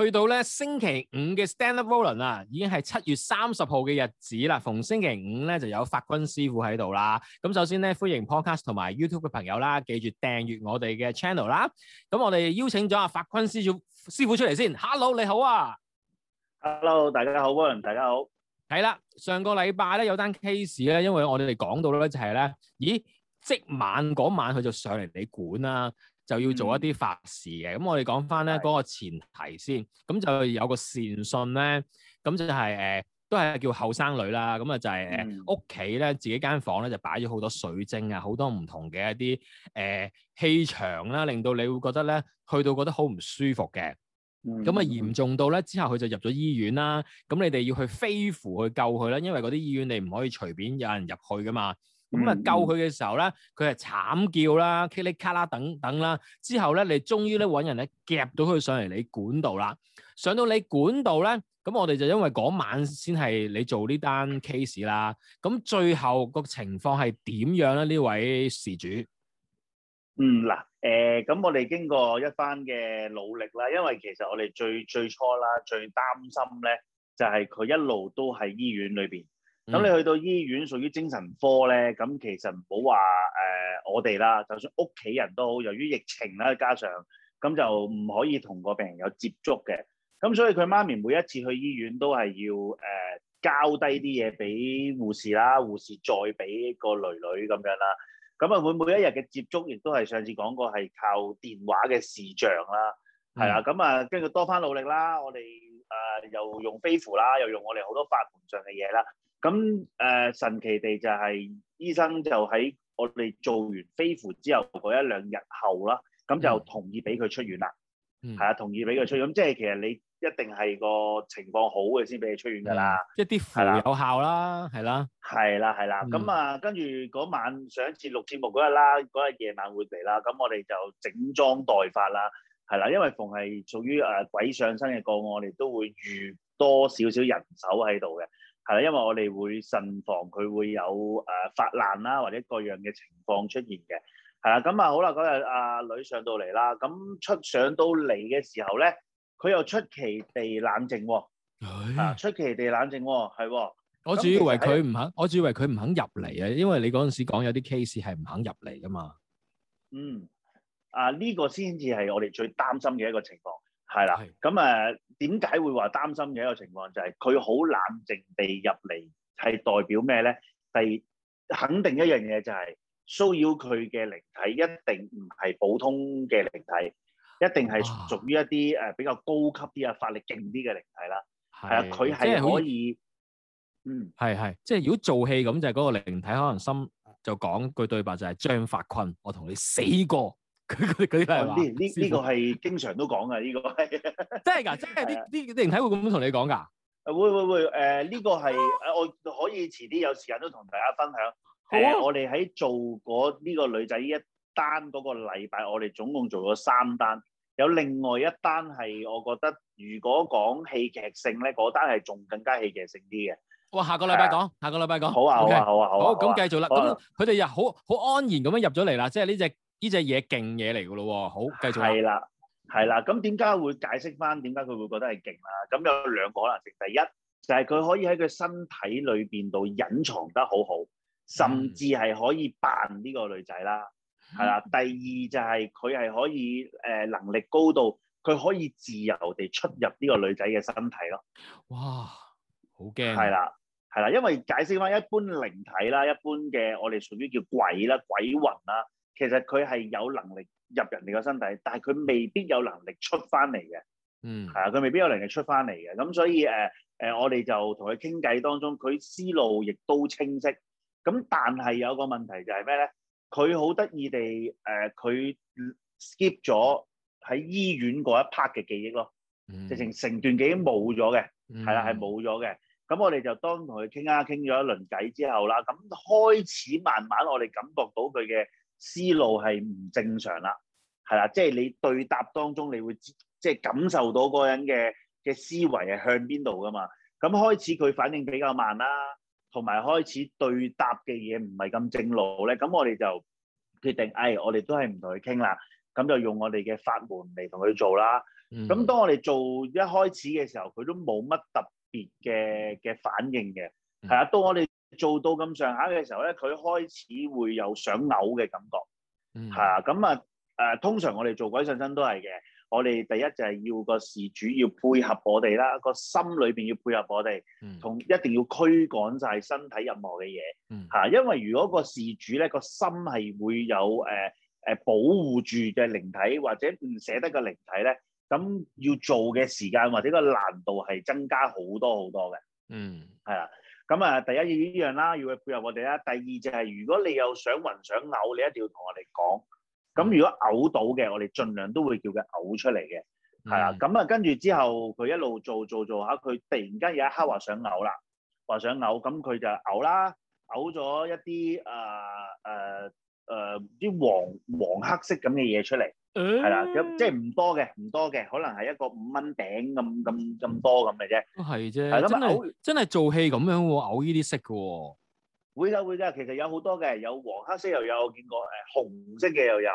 去到咧星期五嘅 stand up volun 啊，已經係七月三十號嘅日子啦。逢星期五咧就有法軍師傅喺度啦。咁首先咧歡迎 podcast 同埋 YouTube 嘅朋友啦，記住訂閱我哋嘅 channel 啦。咁我哋邀請咗阿法軍師傅師傅出嚟先。Hello，你好啊！Hello，大家好，volun 大家好。係啦，上個禮拜咧有單 case 咧，因為我哋講到咧就係、是、咧，咦，即晚嗰晚佢就上嚟你管啊。就要做一啲法事嘅，咁、嗯、我哋講翻咧嗰個前提先，咁的就有個善信咧，咁就係、是、誒、呃、都係叫後生女啦，咁啊就係誒屋企咧自己間房咧就擺咗好多水晶啊，好多唔同嘅一啲誒、呃、氣場啦，令到你會覺得咧去到覺得好唔舒服嘅，咁啊、嗯、嚴重到咧之後佢就入咗醫院啦，咁你哋要去飛符去救佢啦，因為嗰啲醫院你唔可以隨便有人入去噶嘛。咁啊救佢嘅時候咧，佢係慘叫啦，噼里卡啦等等啦。之後咧，你終於咧揾人咧夾到佢上嚟你管道啦。上到你管道咧，咁我哋就因為嗰晚先係你做呢單 case 啦。咁最後個情況係點樣咧？呢位事主，嗯，嗱，誒咁我哋經過一番嘅努力啦，因為其實我哋最最初啦最擔心咧，就係佢一路都喺醫院裏邊。咁你去到醫院屬於精神科咧，咁其實唔好話誒我哋啦，就算屋企人都好，由於疫情啦，加上咁就唔可以同個病人有接觸嘅，咁所以佢媽咪每一次去醫院都係要誒、呃、交低啲嘢俾護士啦，護士再俾個女女咁樣啦，咁啊會每一日嘅接觸亦都係上次講過係靠電話嘅視像啦，係、嗯、啦，咁啊跟住多番努力啦，我哋誒、呃、又用飛符啦，又用我哋好多法門上嘅嘢啦。咁誒、呃、神奇地就係、係、醫生就喺我哋做完飛符之後嗰一兩日後啦，咁就同意俾佢出院啦。嗯，係啊，同意俾佢出院。咁即係其實你一定係個情況好嘅先俾佢出院㗎啦。嗯，就係、一啲符有效啦，係啦，係啦，係啦。咁啊，跟住嗰晚上一次錄節目嗰日啦，嗰日夜晚會嚟啦，咁我哋就整裝待發啦，係啦、啊，因為逢係屬於誒、呃、鬼上身嘅個案，我哋都會預多少少人手喺度嘅。係啦，因為我哋會慎防佢會有誒發難啦，或者各樣嘅情況出現嘅。係啦，咁啊好啦，嗰日阿女上到嚟啦，咁、啊、出上到嚟嘅時候咧，佢又出奇地冷靜喎， 出奇地冷靜喎，係。我仲以為佢唔肯，我仲以為佢唔肯入嚟啊，因為你嗰陣時講有啲 case 係唔肯入嚟噶嘛。嗯，啊呢、呢個先至係我哋最擔心嘅一個情況，係啦，咁誒的。點解會話擔心嘅一個情況就係佢好冷靜地入嚟，係代表咩咧？第肯定一樣嘢就係、是、騷擾佢嘅靈體一定唔係普通嘅靈體，一定係屬於一啲誒比較高級啲啊法力勁啲嘅靈體啦。係啊是，佢係可以，嗯，係係，即係如果做戲咁就嗰、是、個靈體可能心就講句對白就係張發坤，我同你死過。佢佢啲係呢呢呢個係經常都講嘅呢個，真係噶，真係啲啲型體會咁樣同你講噶。會會會，誒呢個係，我可以遲啲有時間都同大家分享。好，我哋喺做嗰呢個女仔呢一單嗰個禮拜，我哋總共做咗三單，有另外一單係我覺得如果講戲劇性咧，嗰單係仲更加戲劇性啲嘅。哇！下個禮拜講，下個禮拜講。好啊，好啊，好啊。好，咁繼續啦。咁佢哋又好好安然咁樣入咗嚟啦，即係呢隻。呢隻嘢勁嘢嚟噶咯，好，繼續。係啦，係啦。咁點解會解釋翻點解佢會覺得係勁啦？咁有兩個可能性。第一就係、是、佢可以喺佢身體裏邊度隱藏得好好，甚至係可以扮呢個女仔啦。係啦、嗯。第二就係佢係可以誒、呃、能力高到佢可以自由地出入呢個女仔嘅身體咯。哇！好驚。係啦，係啦。因為解釋翻一,一般靈體啦，一般嘅我哋屬於叫鬼啦，鬼魂啦。其實佢係有能力入人哋個身體，但係佢未必有能力出翻嚟嘅。嗯，係啊，佢未必有能力出翻嚟嘅。咁所以誒誒、呃呃，我哋就同佢傾偈當中，佢思路亦都清晰。咁但係有個問題就係咩咧？佢好得意地誒，佢、呃、skip 咗喺醫院嗰一 part 嘅記憶咯，直情成段記憶都冇咗嘅。係啊、嗯，係冇咗嘅。咁我哋就當同佢傾啊，傾咗一輪偈之後啦。咁開始慢慢我哋感覺到佢嘅。思路係唔正常啦，係啦，即係你對答當中，你會即係感受到嗰個人嘅嘅思維係向邊度噶嘛？咁開始佢反應比較慢啦，同埋開始對答嘅嘢唔係咁正路咧，咁我哋就決定，誒，我哋都係唔同佢傾啦，咁就用我哋嘅法門嚟同佢做啦。咁，嗯，當我哋做一開始嘅時候，佢都冇乜特別嘅嘅反應嘅，係啊，當我哋。做到咁上下嘅時候咧，佢開始會有想嘔嘅感覺，嚇咁、嗯、啊誒，通常我哋做鬼上身都係嘅。我哋第一就係要個事主要配合我哋啦，個心裏邊要配合我哋，同、嗯、一定要驅趕晒身體任何嘅嘢，嚇、嗯啊。因為如果個事主咧、個心係會有誒誒、呃呃、保護住嘅靈體，或者唔捨得個靈體咧，咁要做嘅時間或者個難度係增加好多好多嘅，嗯，係啊。咁啊，第一要呢樣啦，要去配合我哋啦。第二就係、是，如果你有想暈想嘔，你一定要同我哋講。咁如果嘔到嘅，我哋盡量都會叫佢嘔出嚟嘅，係啊。咁啊的，嗯、跟住之後佢一路做做做下，佢突然間有一刻話想嘔啦，話想嘔，咁佢就嘔啦，嘔咗一啲誒誒。呃呃誒啲黃黃黑色咁嘅嘢出嚟，係啦，咁即係唔多嘅，唔多嘅，可能係一個五蚊頂咁咁咁多咁嘅啫，都係啫。係咯，真係真係做戲咁樣喎，嘔呢啲色嘅喎。會㗎會㗎，其實有好多嘅，有黃黑色又有，我見過誒紅色嘅又有，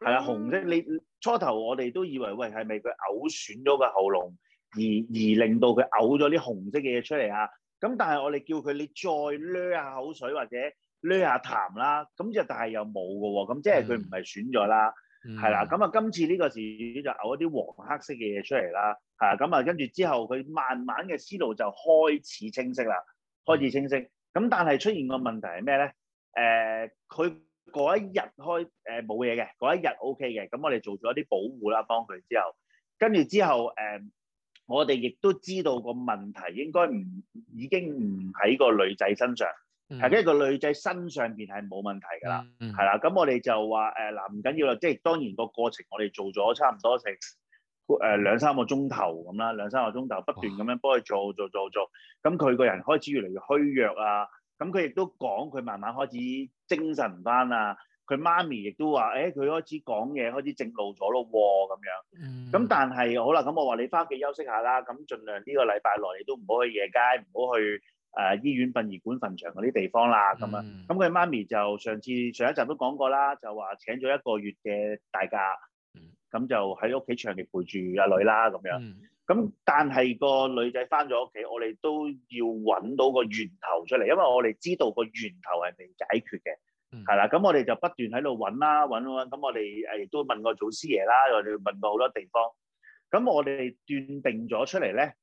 係啊紅色。你初頭我哋都以為喂係咪佢嘔損咗個喉嚨，而而令到佢嘔咗啲紅色嘅嘢出嚟啊？咁但係我哋叫佢你再擸下口水或者。唼下痰啦，咁、mm hmm. 就但係又冇㗎喎，咁即係佢唔係損咗啦，係啦，咁啊今次呢個事就嘔一啲黃黑色嘅嘢出嚟啦，嚇咁啊跟住之後佢慢慢嘅思路就開始清晰啦，mm hmm. 開始清晰，咁但係出現個問題係咩咧？誒、呃，佢嗰一日開誒冇嘢嘅，嗰、呃、一日 O K 嘅，咁我哋做咗啲保護啦，幫佢之後，跟住之後誒、呃，我哋亦都知道個問題應該唔已經唔喺個女仔身上。係，因為、嗯、個女仔身上邊係冇問題噶啦，係啦、嗯，咁、嗯、我哋就話誒嗱唔緊要啦，即係當然個過程我哋做咗差唔多成誒兩三個鐘頭咁啦，兩三個鐘頭不斷咁樣幫佢做做做做，咁佢哇個人開始越嚟越虛弱啊，咁佢亦都講佢慢慢開始精神唔翻啊，佢媽咪亦都話誒佢開始講嘢，開始正路咗咯喎咁樣，咁、嗯、但係好啦，咁我話你翻屋企休息下啦，咁盡量呢個禮拜內你都唔好去夜街，唔好去。誒、啊、醫院、殯儀館、墳場嗰啲地方啦，咁啊、嗯，咁佢媽咪就上次上一集都講過啦，就話請咗一個月嘅大假，咁、嗯、就喺屋企長期陪住阿女啦，咁、嗯、樣。咁但係個女仔翻咗屋企，我哋都要揾到個源頭出嚟，因為我哋知道個源頭係未解決嘅，係啦、嗯。咁我哋就不斷喺度揾啦，揾揾揾，咁我哋誒亦都問過祖師爺啦，又問過好多地方。咁我哋斷定咗出嚟咧，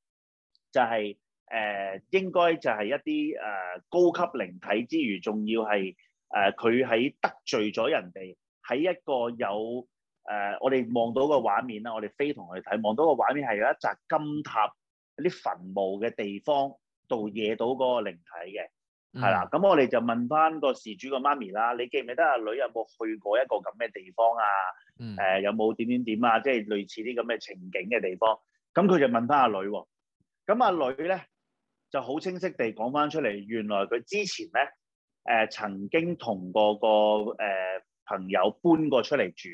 就係、就係。誒、呃、應該就係一啲誒、呃、高級靈體之餘，仲要係誒佢喺得罪咗人哋，喺一個有誒、呃、我哋望到個畫面啦，我哋非同佢睇，望到個畫面係有一座金塔，啲墳墓嘅地方度惹到嗰個靈體嘅，係啦、嗯。咁我哋就問翻個事主個媽咪啦，你記唔記得阿女有冇去過一個咁嘅地方啊？誒、嗯呃、有冇點點點啊？即、就、係、是、類似啲咁嘅情景嘅地方。咁佢就問翻阿女喎，咁阿女咧？就好清晰地講翻出嚟，原來佢之前咧，誒、呃、曾經同個個、呃、朋友搬過出嚟住，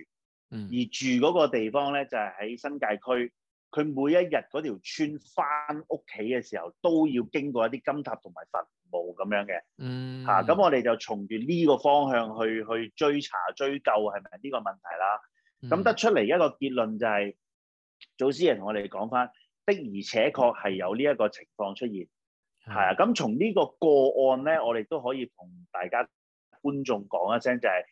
嗯、而住嗰個地方咧就係、是、喺新界區。佢每一日嗰條村翻屋企嘅時候，都要經過一啲金塔同埋墳墓咁樣嘅，嚇、嗯。咁、啊、我哋就從住呢個方向去去追查追究係咪呢個問題啦。咁、嗯、得出嚟一個結論就係、是，祖師爺同我哋講翻的而且確係有呢一個情況出現。係啊，咁從呢個個案咧，我哋都可以同大家觀眾講一聲，就係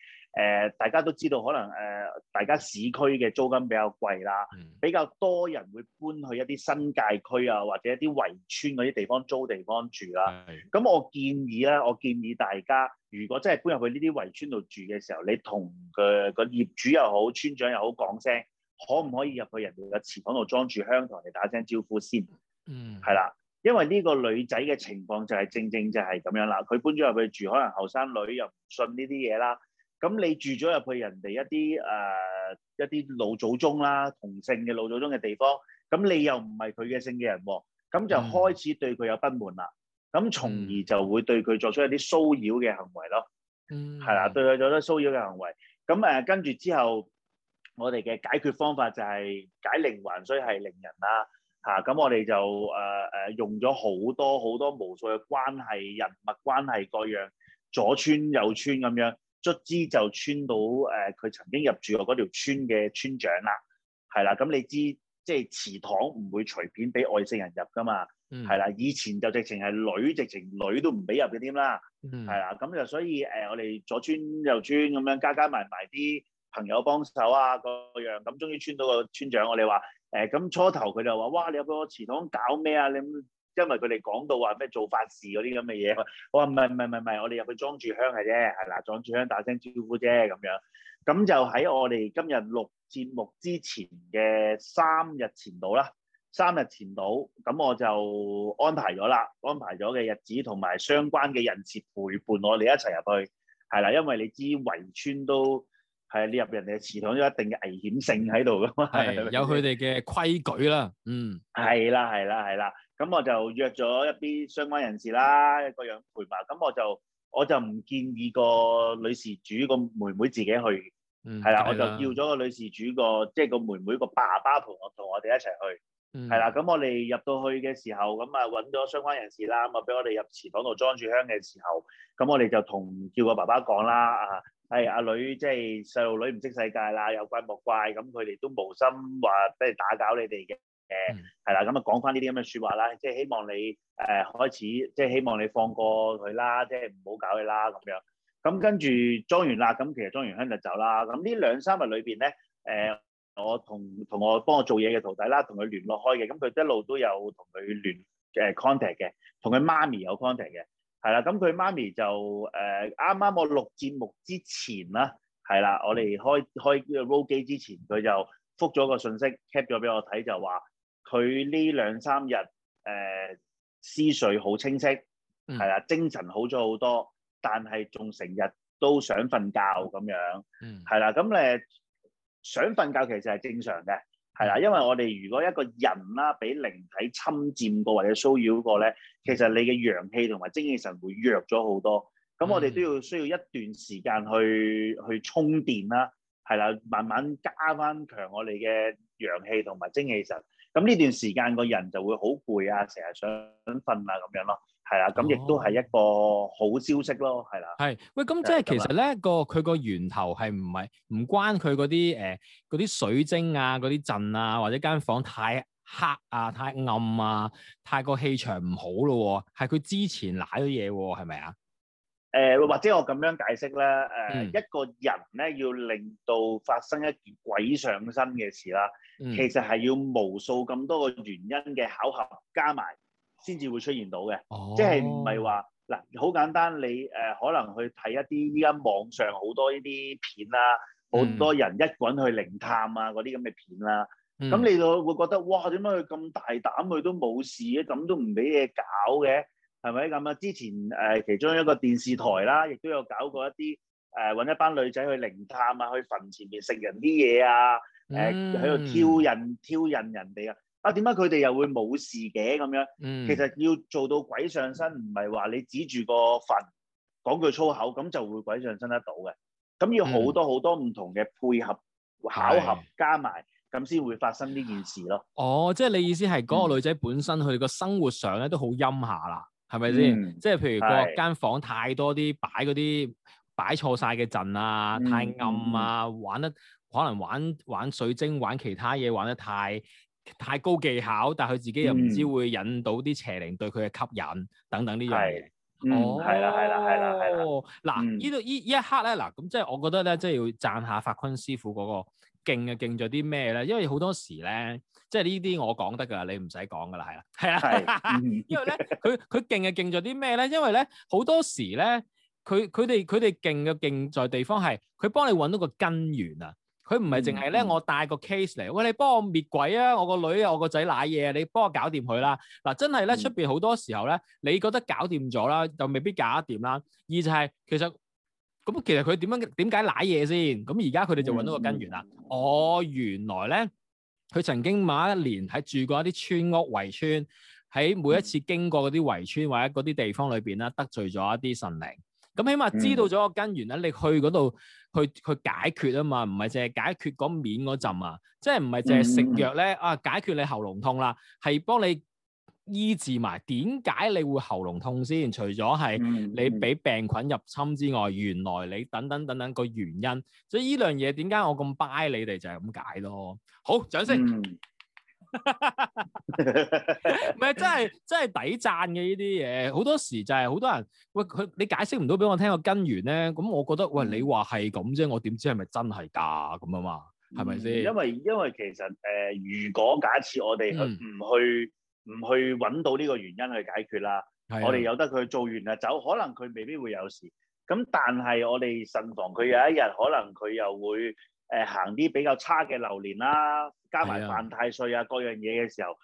誒，大家都知道，可能誒，大家市區嘅租金比較貴啦，嗯，比較多人會搬去一啲新界區啊，或者一啲圍村嗰啲地方租地方住啦。咁我建議咧，我建議大家，如果真係搬入去呢啲圍村度住嘅時候，你同佢個業主又好，村長又好講聲，可唔可以入去人哋嘅祠堂度裝住香同人哋打聲招呼先？嗯，係啦。因為呢個女仔嘅情況就係正正就係咁樣啦，佢搬咗入去住，可能後生女又唔信呢啲嘢啦。咁你住咗入去人哋一啲誒、呃、一啲老祖宗啦，同姓嘅老祖宗嘅地方，咁你又唔係佢嘅姓嘅人喎，咁就開始對佢有不滿啦。咁從而就會對佢作出一啲騷擾嘅行為咯。嗯，係啦，對佢做咗騷擾嘅行為。咁誒、呃，跟住之後，我哋嘅解決方法就係、是、解鈴還須繫鈴人啦、啊。啊，咁我哋就誒誒、呃、用咗好多好多無數嘅關係、人物關係各樣左穿右穿咁樣，卒之就穿到誒佢、呃、曾經入住過嗰條村嘅村長啦。係啦，咁你知即係祠堂唔會隨便俾外姓人入噶嘛？係啦、嗯，以前就直情係女，直情女都唔俾入嘅添啦。係啦、嗯，咁就所以誒、呃，我哋左穿右穿咁樣加加埋埋啲朋友幫手啊，各樣咁終於穿到個村長。我哋話。誒咁、嗯、初頭佢就話：哇！你入咗祠堂搞咩啊？你因為佢哋講到話咩做法事嗰啲咁嘅嘢，我話唔係唔係唔係，我哋入去裝住香嘅啫，係啦，裝住香打聲招呼啫咁樣。咁就喺我哋今日錄節目之前嘅三日前度啦，三日前度咁我就安排咗啦，安排咗嘅日子同埋相關嘅人士陪伴我哋一齊入去，係啦，因為你知圍村都。係啊，你入人哋嘅祠堂有一定嘅危險性喺度噶嘛，是是是有佢哋嘅規矩啦。嗯，係啦，係啦，係啦。咁我就約咗一啲相關人士啦，各樣陪埋。咁我就我就唔建議個女事主個妹妹自己去。嗯，係啦，我就叫咗個女事主個即係個妹妹個爸爸陪我，同我哋一齊去。嗯，係啦。咁我哋入到去嘅時候，咁啊揾咗相關人士啦，咁啊俾我哋入祠堂度裝住香嘅時候，咁我哋就同叫個爸爸講啦，啊。係阿女，即係細路女唔識世界啦，有怪莫怪咁，佢哋都無心你、嗯、話即係打攪你哋嘅，係啦，咁啊講翻呢啲咁嘅説話啦，即係希望你誒開始，即係希望你放過佢啦，即係唔好搞佢啦咁樣。咁跟住裝完啦，咁其實裝完香就走啦。咁呢兩三日裏邊咧，誒、呃、我同同我幫我做嘢嘅徒弟啦，同佢聯絡開嘅，咁佢一路都有同佢聯誒、uh, contact 嘅，同佢媽咪有 contact 嘅。係啦，咁佢媽咪就誒啱啱我錄節目之前啦，係啦，我哋開開 roll 機之前，佢就覆咗個信息，cap 咗俾我睇，就話佢呢兩三日誒、呃、思緒好清晰，係啦，精神好咗好多，但係仲成日都想瞓覺咁樣，係啦，咁誒想瞓覺其實係正常嘅。係啦，因為我哋如果一個人啦，俾靈體侵佔過或者騷擾過咧，其實你嘅陽氣同埋精氣神會弱咗好多。咁我哋都要需要一段時間去、嗯、去充電啦，係啦，慢慢加翻強我哋嘅陽氣同埋精氣神。咁呢段時間個人就會好攰啊，成日想瞓啊咁樣咯。係啦，咁亦都係一個好消息咯，係啦。係，喂，咁即係其實咧，個佢個源頭係唔係唔關佢嗰啲誒啲水晶啊、嗰啲陣啊，或者間房太黑啊、太暗啊、太個氣場唔好咯，係佢之前攋咗嘢喎，係咪啊？誒、呃，或者我咁樣解釋咧，誒、呃，嗯、一個人咧要令到發生一件鬼上身嘅事啦，嗯、其實係要無數咁多個原因嘅巧合加埋。先至會出現到嘅，哦、即係唔係話嗱好簡單，你誒、呃、可能去睇一啲依家網上好多呢啲片啦、啊，好、嗯、多人一個人去靈探啊嗰啲咁嘅片啦、啊，咁、嗯、你就會覺得，哇點解佢咁大膽佢都冇事嘅、啊，咁都唔俾嘢搞嘅，係咪咁啊？之前誒、呃、其中一個電視台啦，亦都有搞過一啲誒揾一班女仔去靈探啊，去墳前面食人啲嘢啊，誒喺度挑釁挑釁人人哋啊～、嗯啊，點解佢哋又會冇事嘅咁樣？嗯、其實要做到鬼上身，唔係話你指住個墳講句粗口咁就會鬼上身得到嘅。咁要好多好多唔同嘅配合巧合、嗯、加埋，咁先是會發生呢件事咯。哦，即係你意思係嗰個女仔本身佢個、嗯、生活上咧都好陰下啦，係咪先？嗯、即係譬如個間房太多啲擺嗰啲擺錯晒嘅陣啊，太暗啊，嗯、玩得可能玩玩、玩水晶玩其他嘢玩得太，太高技巧，但佢自己又唔知會引到啲邪靈對佢嘅吸引等等呢樣嘢。嗯、哦，係啦，係啦，係啦，嗱，呢度呢呢一刻咧，嗱，咁即係我覺得咧，即係要讚下法坤師傅嗰、嗰個勁呀勁咗啲咩咧？因為好多時咧，即係呢啲我講得噶啦，你唔使講噶啦，係啊，係啊是， 因為咧，佢佢勁呀勁咗啲咩咧？因為咧，好多時咧，佢佢哋佢哋勁嘅勁在地方係，佢幫你揾到個根源啊！佢唔係淨係咧，呢嗯、我帶個 case 嚟，喂、哎，你幫我滅鬼啊！我個女啊，我個仔瀨嘢啊，你幫我搞掂佢啦！嗱、啊，真係咧，出邊好多時候咧，你覺得搞掂咗啦，就未必搞得掂啦。二就係其實咁，其實佢點樣點解瀨嘢先？咁而家佢哋就搵到個根源啦。嗯嗯、我原來咧，佢曾經某一年喺住過一啲村屋圍村，喺每一次經過嗰啲圍村或者嗰啲地方裏邊啦，得罪咗一啲神靈。咁起碼知道咗個根源啦，你去嗰度去去解決啊嘛，唔係淨係解決嗰面嗰陣、嗯、啊，即係唔係淨係食藥咧啊解決你喉嚨痛啦，係幫你醫治埋點解你會喉嚨痛先？除咗係你俾病菌入侵之外，原來你等等等等個原因，所以呢樣嘢點解我咁 buy 你哋就係咁解咯。好，掌聲。嗯唔係 真係真係抵讚嘅呢啲嘢，好多時就係好多人喂佢，你解釋唔到俾我聽個根源咧，咁我覺得喂你話係咁啫，我點知係咪真係假咁啊嘛？係咪先？因為因為其實誒、呃，如果假設我哋唔去唔、嗯、去揾到呢個原因去解決啦，是的 我哋有得佢做完就走，可能佢未必會有事。咁但係我哋慎防，佢有一日可能佢又會。誒、呃，行啲比較差嘅流年啦，加埋犯太歲啊，各樣嘢嘅時候，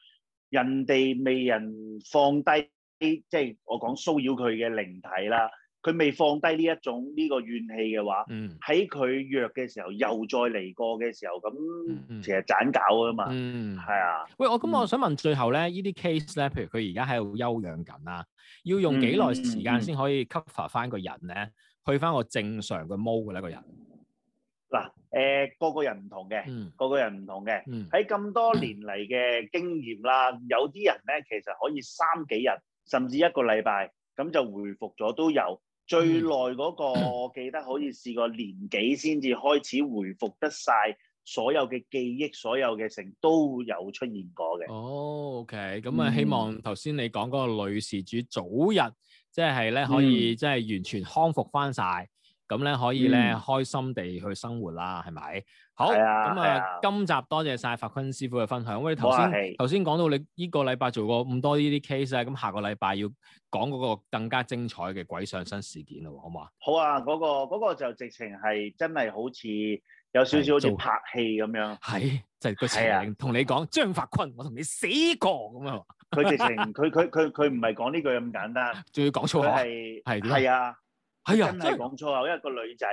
人哋未人放低，即係我講騷擾佢嘅靈體啦，佢未放低呢一種呢、這個怨氣嘅話，喺佢、嗯、弱嘅時候，又再嚟過嘅時候，咁、嗯嗯嗯、其實盞搞啊嘛，係、嗯、啊。喂，我咁我想問最後咧，呢啲 case 咧，譬如佢而家喺度休養緊啦，要用幾耐時間先可以 cover 翻個人咧，去翻個正常嘅毛嘅咧，個人？誒個個人唔同嘅，個、嗯、個人唔同嘅，喺咁、嗯、多年嚟嘅經驗啦，嗯、有啲人咧，其實可以三幾日，甚至一個禮拜咁就回復咗都有，最耐嗰、嗰個、嗯、記得可以試過年幾先至開始回復得晒所有嘅記憶，所有嘅成都有出現過嘅。哦，OK，咁啊希望頭先你講嗰個女事主早日即係咧可以即係完全康復翻晒。咁咧可以咧開心地去生活啦，係咪？好咁啊！今集多謝晒法坤師傅嘅分享。我哋頭先頭先講到你呢個禮拜做過咁多呢啲 case 啊，咁下個禮拜要講嗰個更加精彩嘅鬼上身事件咯，好嘛？好啊，嗰個嗰個就直情係真係好似有少少好似拍戲咁樣。係，就係直情同你講張法坤，我同你死過咁啊！佢直情佢佢佢佢唔係講呢句咁簡單，仲要講粗口，係係啊！係啊、哎，真係講粗口，因為個女仔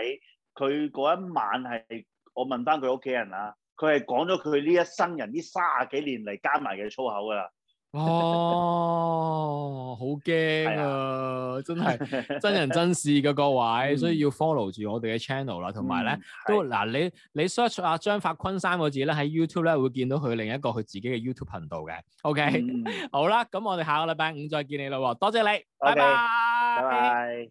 佢嗰一晚係我問翻佢屋企人啦，佢係講咗佢呢一生人呢三啊幾年嚟加埋嘅粗口噶啦。哦，好驚啊！真係、啊、真人真事噶各位， 嗯、所以要 follow 住我哋嘅 channel 啦，同埋咧都嗱、啊、你你 search 啊張發坤三個字咧，喺 YouTube 咧會見到佢另一個佢自己嘅 YouTube 頻道嘅。OK、嗯、好啦，咁我哋下個禮拜五再見你咯喎，多謝你，拜拜 Okay, bye bye.，拜拜。